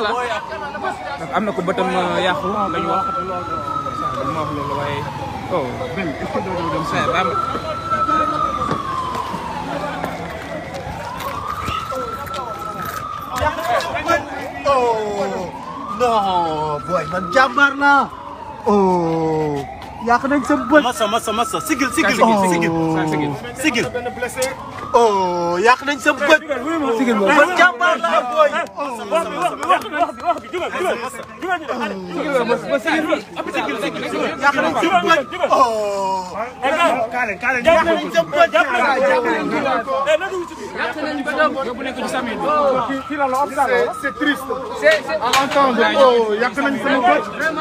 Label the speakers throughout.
Speaker 1: la am na ko bëtam euh, yàqu lañu wax man ma wax loolu waaye oh benn est-ce que doo dem saa ba oh non booy man jàmbaar laa oh yàq nañ sa bët. masa masa masa sigil sigil sigil sigil oh. sigil oh yàq nañ sa bët. man jàmbaar laa booy. yàq nañ sa bët. oh. yàq nañ sa bët. c'est triste. à l'entendre oh yàq nañ sama bët.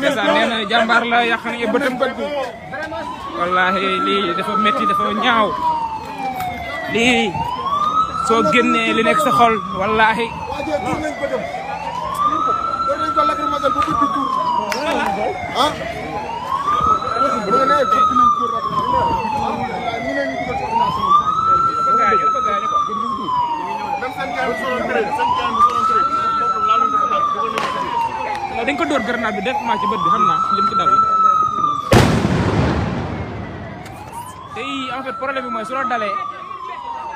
Speaker 1: nee na jàmbaar la yàq nañ bëtam bët. wallaahi lii dafa métti dafa ñaaw. lii soo génnee li nekk sa xol wallaahi. dañ ko dóor grenade bi directement ci bët bi xam naa lim ci dal tey en fait problème bi mooy su la dalee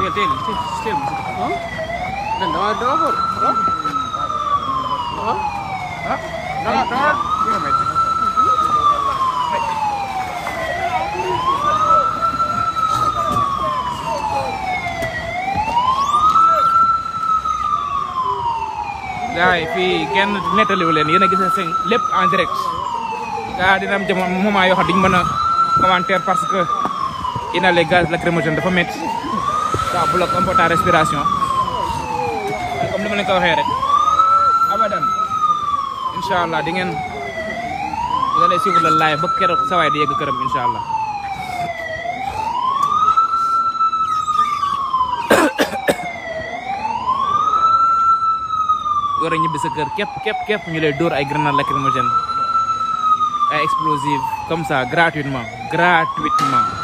Speaker 1: Değil değil. Değil. Ha? Ben daha yi fii kenn nettaliwu a gis seen lépp en direct gars dina am jamono moment yoo xam duñ mën a commentaire parce que le gaz lacrymogène dafa métti ça bloque un peu ta respiration comme ni ma leen ko waxee rek abadan incha allah di ngeen di nga lay suivre le live sa waay di yegg këram incha allah. war ñibbi sa kër képp képp képp ñu lay dóor ay grenades lacrymogènes ay explosives comme ça gratuitement gratuitement.